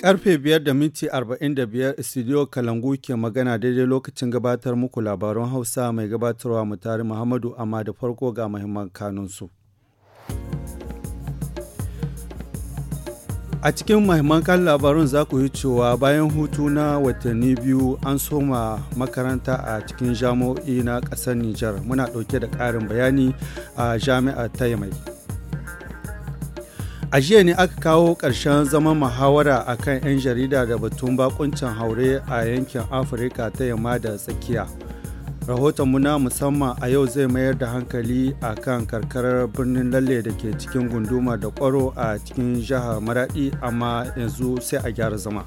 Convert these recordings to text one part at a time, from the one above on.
Karfe 5 da minti 45 studio Kalangu ke magana daidai lokacin gabatar muku labaran Hausa mai gabatarwa mutari Muhammadu amma da farko ga mahimman kanunsu. A cikin mahimman kan labarun za ku yi cewa bayan hutu na watanni biyu an soma makaranta a cikin jami'o'i na ƙasar Nijar muna ɗauke da ƙarin bayani a jami'ar ta A jiya ne aka kawo ƙarshen zaman muhawara a kan 'yan jarida da batun bakuncin haure a yankin Afirka ta yamma da tsakiya. Rahotonmu na musamman a yau zai mayar da hankali a kan karkarar birnin lalle da ke cikin gunduma da kwaro a cikin jihar Maraɗi amma yanzu sai a gyara zama.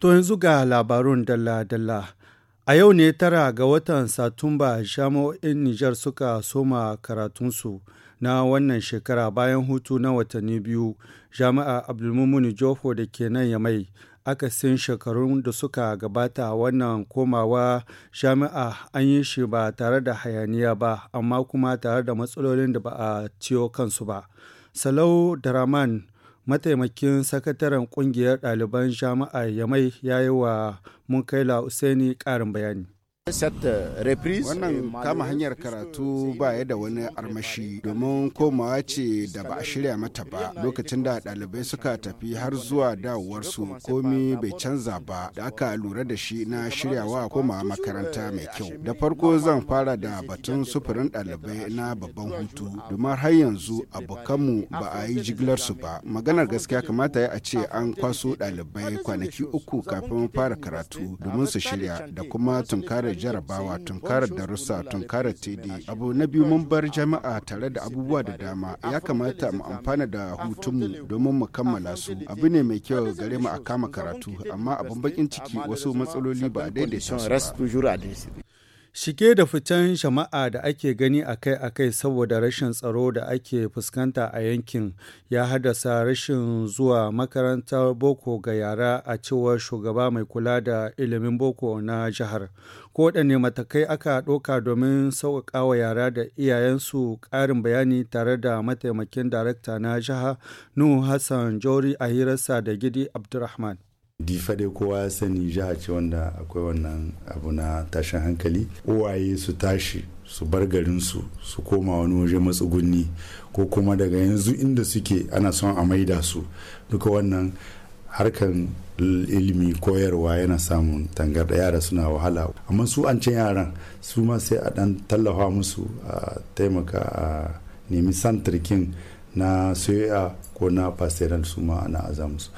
To yanzu ga labarun dalla-dalla. A yau ne tara ga watan Satumba jami'o'in Nijar suka soma karatunsu. na wannan shekara bayan hutu na watanni biyu jami'a abdulmumuni jofo da ke nan ya mai akasin shekarun da suka gabata wannan komawa jami'a an yi shi ba tare da hayaniya ba amma kuma tare da matsalolin da ba a ciyo kansu ba salau daraman mataimakin sakataren kungiyar ɗaliban jami'a yamai ya yi wa munkaila usaini ƙarin bayani Wannan kama hanyar karatu ba ya da wani armashi domin komawa ce da ba a shirya mata ba lokacin da ɗalibai suka tafi har zuwa dawowarsu komi bai canza ba da aka lura da shi na shiryawa komawa makaranta mai kyau. Da farko zan fara da batun sufurin ɗalibai na babban hutu domin har yanzu abokanmu ba a yi jigilarsu ba. Maganar gaskiya kamata a ce an kwaso ɗalibai kwanaki uku kafin fara karatu domin su shirya da kuma tunkarar jarabawa tunkarar darussa tunkarar td abu na biyu mun bar jama'a tare da abubuwa da dama ya kamata mu amfana da hutunmu domin mu kammala su abu ne mai kyau gare mu a kama karatu amma abin bakin ciki wasu matsaloli ba daidaita su ba Shige da ficen shama'a da ake gani akai-akai saboda rashin tsaro da ake fuskanta a yankin ya haddasa rashin zuwa makarantar boko ga yara a cewar shugaba mai kula da ilimin boko na jihar. ne matakai aka ɗauka domin sauƙaƙa wa yara da iyayensu ƙarin bayani tare da mataimakin darakta na jiha Nuhu Hassan jori a hirarsa da Gidi Abdulrahman. di fade kowa ya sani jiha ce wanda akwai wannan abu na tashin hankali uwaye su tashi su bar garinsu su koma wani waje matsugunni ko kuma daga yanzu inda suke ana son a maida su duka wannan harkan ilimi koyarwa yana samun tangarda yara suna wahala amma su an ce yaran su ma sai a dan tallafa musu a taimaka a nemi santarkin na soyayya. ko na pastoral su ma ana aza musu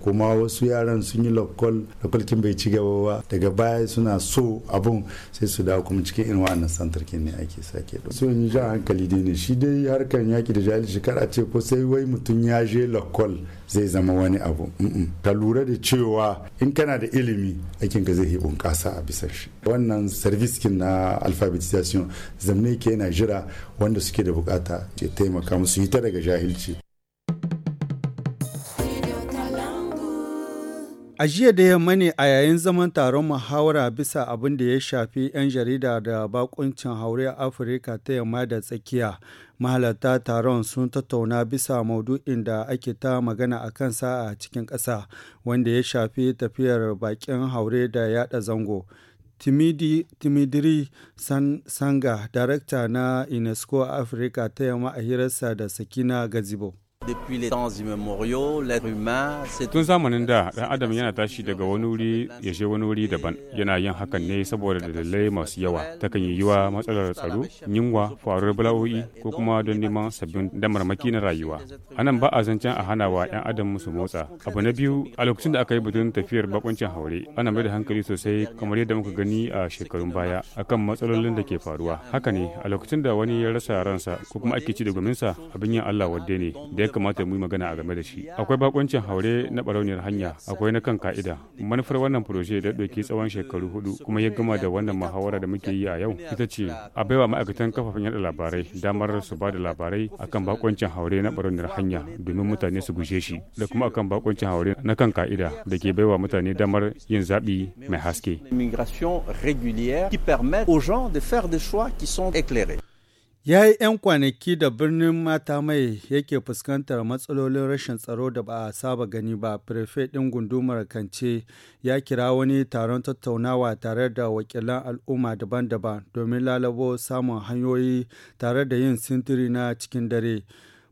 kuma wasu yaran sun yi lokal kin bai ci gaba ba daga baya suna so abun sai su dawo kuma cikin irin wannan santarkin ne ake sake ɗau sun yi hankali dai ne shi dai harkan yaki da jahil shekara ce ko sai wai mutum ya je lokal zai zama wani abu ka lura da cewa in kana da ilimi aikin ka zai yi kasa a bisa shi wannan kin na alphabetization zamne ke yana jira wanda suke da bukata ya taimaka musu yi ta daga jahilci A jiya da yamma ne a yayin zaman taron muhawara bisa abin da ya shafi 'yan jarida da bakuncin haure a Afirka ta yamma da tsakiya. Mahalarta taron sun tattauna bisa maudu'in da ake ta magana a kansa a cikin ƙasa wanda ya shafi tafiyar bakin haure da yada zango. timidiri Sanga, darakta na UNESCO Afirka ta yamma a hirarsa da Sakina Gazibo. Tun zamanin da ɗan adam yana tashi daga wani wuri ya je wani wuri daban yana yin hakan ne saboda dalilai masu yawa takan yi yiwa matsalar tsaro yunwa farar bala'o'i ko kuma don neman sabbin damarmaki na rayuwa anan ba a zancen a hana wa 'yan adam su motsa abu na biyu a lokacin da aka yi batun tafiyar bakuncin haure ana mai da hankali sosai kamar yadda muka gani a shekarun baya akan matsalolin da ke faruwa haka ne a lokacin da wani ya rasa ransa ko kuma ake ci da gwaminsa abin yin allah wadde ne kamata mu yi magana a game da shi akwai bakoncin haure na barauniyar hanya akwai na kan ka'ida manufar wannan proje da ɗauki tsawon shekaru hudu kuma ya gama da wannan muhawara da muke yi a yau ita ce a baiwa ma'aikatan kafafen yada labarai damar su ba da labarai akan bakoncin haure na barauniyar hanya domin mutane su guje shi da kuma akan bakoncin haure na kan ka'ida da ke baiwa mutane damar yin zaɓi mai haske. Immigration régulière qui permet aux gens de faire des choix qui sont éclairés. Ya yi 'yan kwanaki da birnin mata mai yake fuskantar matsalolin rashin tsaro da ba a saba gani ba, firfe ɗin gundumar kance ya kira wani taron tattaunawa tare da wakilan al'umma daban-daban domin lalabo samun hanyoyi tare da yin sintiri na cikin dare.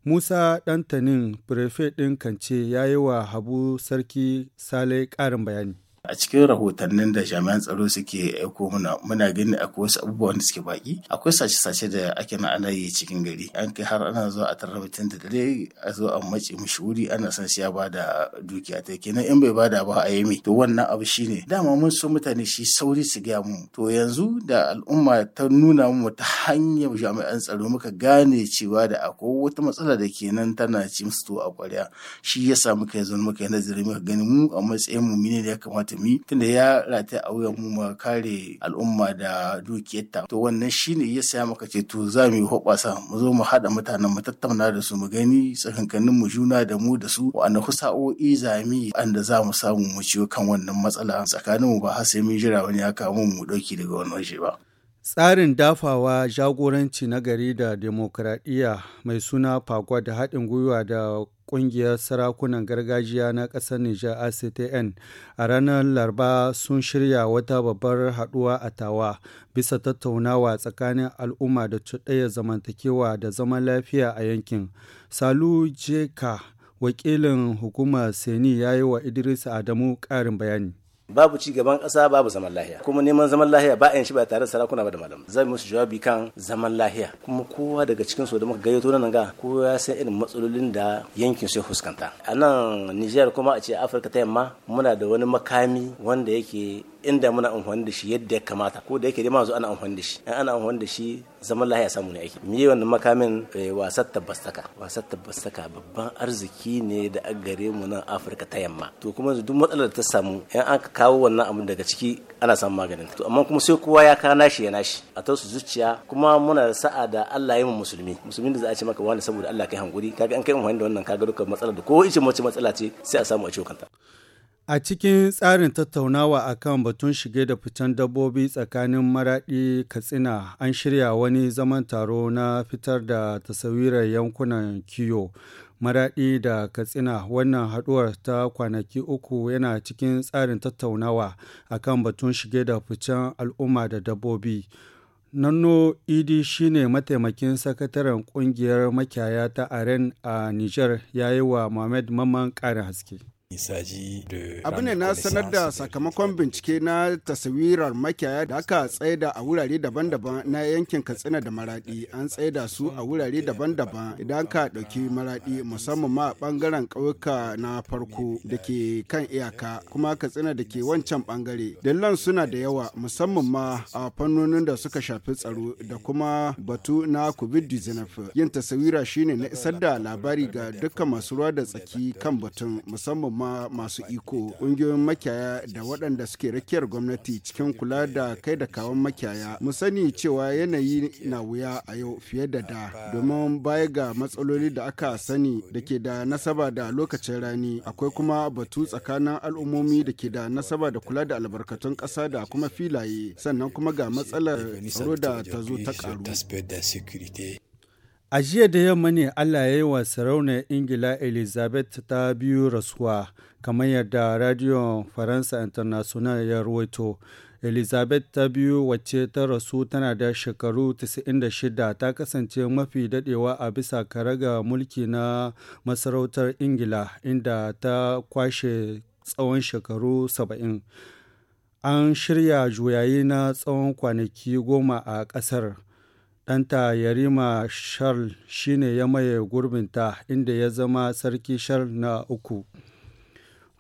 Musa Ɗantanin, firfe ɗin kance ya yi wa Habu Sarki Sale ƙarin bayani. a cikin rahotannin da jami'an tsaro suke aiko muna muna gani akwai wasu abubuwan da suke baki akwai sace-sace da ake na ana yi cikin gari an kai har ana zuwa a tarar mutum da dare a zo a mace mishi wuri ana san shi ya da dukiya ta kenan in bai bada ba a yi to wannan abu shine dama mun so mutane shi sauri su gaya mu to yanzu da al'umma ta nuna mu ta hanyar jami'an tsaro muka gane cewa da akwai wata matsala da kenan tana ci musu to a kwarya shi yasa muka yanzu muka yi nazari muka gani mu a matsayin mu ne ya kamata hatimi tunda ya rataya a wuyan mu ma kare al'umma da dukiyarta to wannan shine ya saya maka ce to za mu yi hoɓasa mu zo mu haɗa mutanen mu tattauna da su mu gani tsakankanin mu juna da mu da su wa'anda kusa'o'i zami anda za mu samu mu ciwo kan wannan matsala tsakanin mu ba har sai mun jira wani ya kawo mu mu ɗauki daga wani waje ba. Tsarin dafawa jagoranci na gari da demokuraɗiyya mai suna Fagwa da haɗin gwiwa da ƙungiyar sarakunan gargajiya na ƙasar Nijar ACTN a ranar Larba sun shirya wata babbar haɗuwa a Tawa bisa tattaunawa tsakanin al'umma da cuɗayar zamantakewa da zaman lafiya a yankin. Salu Jeka wakilin hukumar Seni ya yi wa Idris Adamu ƙarin bayani. babu ci gaban ƙasa babu zaman lahiya kuma neman zaman lahiya ba shi ba tare da sarakuna ba da malam zai musu jawabi kan zaman lahiya kuma kowa daga cikin su da muka gayyato nan ga kowa ya san irin matsalolin da yankin su ya fuskanta a nan nijar kuma a ce Afirka ta yamma muna da wani makami wanda yake inda muna amfani da shi yadda ya kamata ko da yake dai mazu ana amfani da shi in ana amfani da shi zaman lahiya samu ne aiki miye wannan makamin eh, wasar tabbastaka wasar tabbastaka babban arziki ne da a gare mu nan Afirka ta yamma to kuma duk matsalar da ta samu in an kawo wannan abu daga ciki ana samun maganin to amma kuma sai kowa ya kana shi ya nashi a tausu zuciya kuma muna da sa'a da Allah ya mu musulmi musulmi da za a ce maka wani saboda Allah kai hankuri kaga an kai amfani da wannan kaga dukkan matsalar da ko ice mace matsala ce sai a samu a ciwo kanta A cikin tsarin tattaunawa a kan batun shige da fitan dabbobi tsakanin maraɗi Katsina an shirya wani zaman taro na fitar da tasawirar yankunan kiyo. Maraɗi da Katsina wannan haɗuwar ta kwanaki uku yana cikin tsarin tattaunawa a kan batun shige da fitan al'umma da dabbobi. Nanno Idi shine mataimakin sakataren ƙungiyar makiyaya ta Aren a Niger ya yi wa Mohamed Maman ƙarin haske. abu ne na sanar da sakamakon bincike na tasawirar makiyaya da aka tsaida a wurare daban-daban na yankin katsina da maradi an tsaida su a wurare daban-daban idan ka ɗauki maradi musamman ma a ɓangaren ƙauyuka na farko da ke kan iyaka kuma katsina da ke wancan bangare dillan suna da yawa musamman ma a fannonin da suka shafi tsaro da kuma batu na covid-19 yin tasawira shine na isar da labari ga dukkan masu ruwa da tsaki kan batun musamman ma masu iko ƙungiyoyin makiyaya da waɗanda suke rakiyar gwamnati cikin kula da kai da kawon makiyaya mu sani cewa yanayi na wuya a yau fiye da da domin baya ga matsaloli da aka sani da ke da nasaba da lokacin rani akwai kuma batu tsakanin al'ummomi da ke da nasaba da kula da albarkatun ƙasa da kuma filaye sannan kuma ga matsalar tsaro da ta zo ta ƙaru A jiya da yamma ne Allah ya yi wa sarauniyar Ingila Elizabeth ta biyu rasuwa, kamar yadda Radio Faransa International ya ruwaito. Elizabeth ta biyu wacce ta rasu tana da shekaru 96 ta kasance mafi dadewa a bisa karaga mulki na masarautar Ingila inda ta kwashe tsawon shekaru 70. An shirya juyayi na tsawon kwanaki goma a ƙasar. ɗanta yarima charles shine ya maye gurbinta inda ya zama sarki charles na uku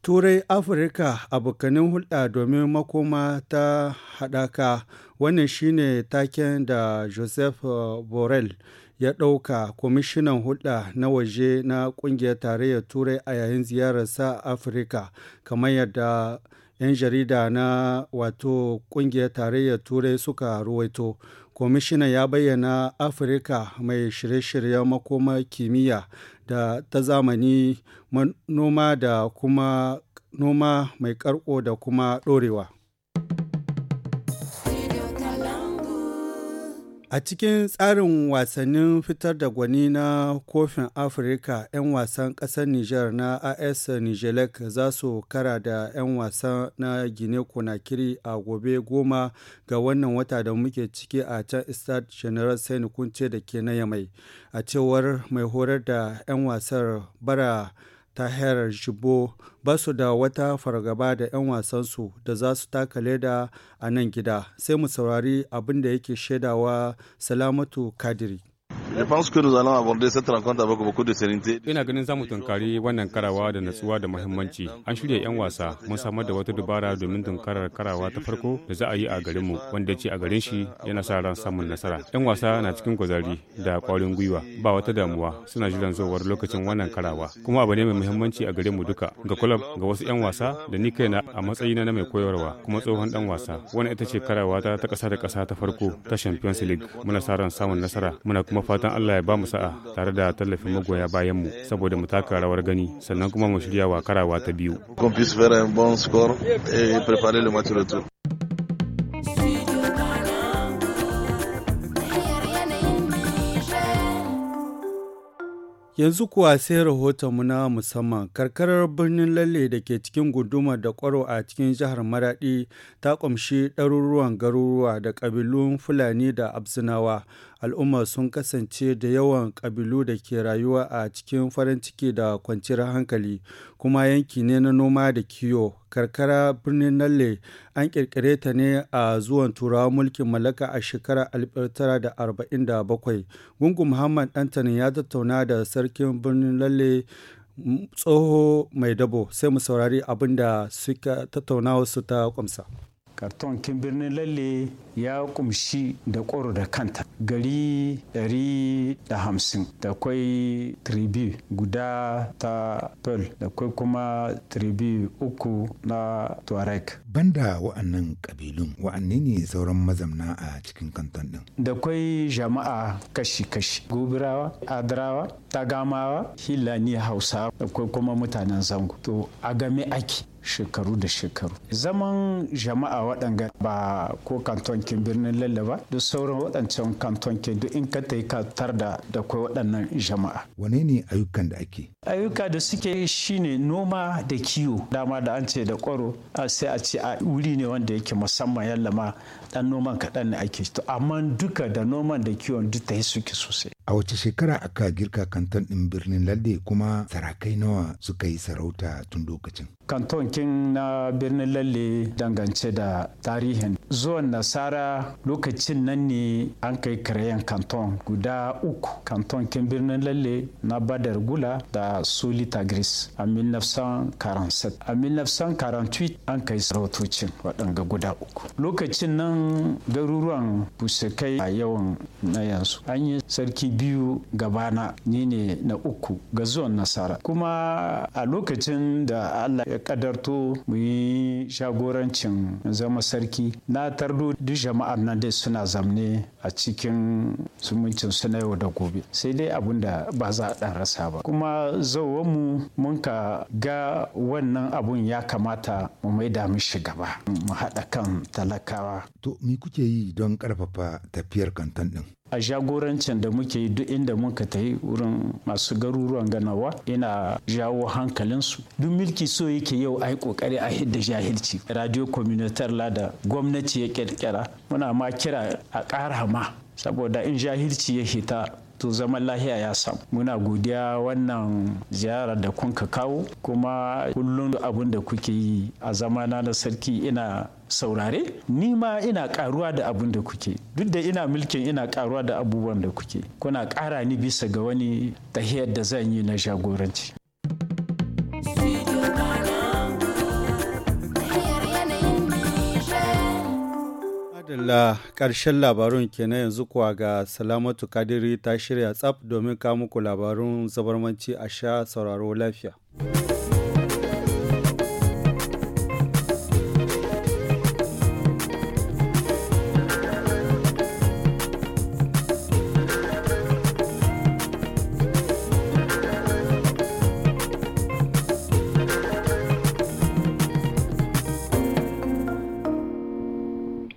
turai afirka abokanin hulɗa domin makoma ta haɗaka wannan shine taken da joseph uh, borrell ya ɗauka kwamishinan hulɗa na waje na ƙungiyar tarayyar turai a yayin ziyararsa afirka kamar yadda 'yan jarida na wato ƙungiyar tarayyar turai suka ruwaito kwamishinan ya bayyana afirka mai shirye-shiryen makoma kimiyya da ta zamani noma da kuma noma mai karko da kuma ɗorewa. A cikin tsarin wasannin fitar da gwani na kofin Afirka, 'yan wasan ƙasar Niger na AS nigelec za su kara da 'yan wasa na Gine Konakiri a gobe goma ga wannan wata da muke ciki a can Stade General Sani Kunce da ke na Yamai. A cewar mai horar da 'yan wasar bara tahirar shibo ba su da wata fargaba da 'yan wasansu da za su taka leda a nan gida sai mu saurari abin da yake shaidawa salamatu kadiri Ina ganin zamu tunkari wannan karawa da natsuwa da muhimmanci. An shirya 'yan wasa mun samar da wata dubara domin tunkarar karawa ta farko da za a yi a garinmu wanda ce a garin shi yana sa ran samun nasara. 'Yan wasa na cikin gwazari da ƙwarin gwiwa ba wata damuwa suna jiran zowar lokacin wannan karawa kuma abu ne mai muhimmanci a garinmu duka ga club ga wasu 'yan wasa da ni kaina a matsayina na mai koyarwa kuma tsohon dan wasa wannan ita ce karawa ta ta ƙasa da ƙasa ta farko ta Champions League muna sa ran samun nasara muna kuma fata fatan Allah ya ba mu sa'a tare da tallafin magoya bayan mu saboda mu taka rawar gani sannan kuma mu shirya wa karawa ta biyu. Yanzu kuwa sai rahoton mu na musamman karkarar birnin lalle da ke cikin guduma da kwaro a cikin jihar Maraɗi ta ƙumshi ɗaruruwan garuruwa da ƙabilun Fulani da Absinawa al'umma sun kasance da yawan ƙabilu da ke rayuwa a cikin farin ciki da kwanciyar hankali kuma yanki ne na noma da kiyo karkara birnin nalle an kirkire ta ne a zuwan turawa mulkin mallaka a shekarar 1947 gungun muhammad dantani ya tattauna da sarkin birnin lalle mm, tsoho mai dabo sai mu saurari abin da suka tattaunawa su ta kwamsa Karton kin birnin lalle ya kumshi da ƙoro da kanta gari 150 da kwai tribu guda ta pearl da kwai kuma tribu uku na tuareg banda wa'annan ƙabilun wa'anne ne sauran mazamna a cikin kanton din da kwai jama'a kashi-kashi gobirawa adrawa tagamawa hilani hausa da kwai kuma mutanen zango to a game ake shekaru da shekaru zaman jama'a waɗanga ba ko kantonkin birnin lalle ba duk sauran waɗancan kantonkin duk in ka ta yi katar da da kai waɗannan jama'a wane ne ayyukan da ake ayyuka da suke shine noma da kiwo dama da an ce da kwaro sai a ce a wuri ne wanda yake musamman yallama dan noman kaɗan ne ake to amma duka da noman da kiwon duk ta yi suke sosai a wace shekara aka girka kanton ɗin birnin lalle kuma sarakai nawa suka yi sarauta tun lokacin kanton kin na birnin lalle dangance da tarihin zuwan nasara lokacin nan ne an kai kirayen kanton guda uku kanton kin birnin lalle na badar gula da solita gris a 1947 a 1948 an kai sarautocin waɗanga guda uku lokacin nan garuruwan busakai a yawan na yanzu an yi sarki biyu gabana ni ne na uku ga zuwan nasara kuma a lokacin da allah ya kadarto mu yi shagorancin zama sarki na tardo duk jama'ar nan dai suna zamne a cikin zumuncin suna yau da gobe sai dai abin da ba za a dan rasa ba kuma mu mun ka ga wannan abun ya kamata mu mai da mishi gaba mu haɗa kan talakawa to me kuke yi don ƙarfafa tafiyar kantan ɗin a jagorancin da muke yi duk inda muka ta yi wurin masu garuruwan ganawa ina jawo hankalinsu duk milki so yake yau a yi kokari a hidda jahilci radio communitar da gwamnati ya kirkira muna ma kira a ƙara ma saboda in jahilci ya hita to zaman lahiya ya samu muna godiya wannan ziyarar da kun ka kawo kuma kullum abin da kuke yi a zamana na sarki ina saurare ni ma ina karuwa da abin da kuke duk da ina mulkin ina karuwa da abubuwan da kuke kuna kara ni bisa ga wani tahiyar da zan yi na jagoranci la ƙarshen labarun ke na yanzu kuwa ga Salamatu Kadiri ta shirya tsaf domin kawo muku labarun zabarmanci a sha sauraro lafiya.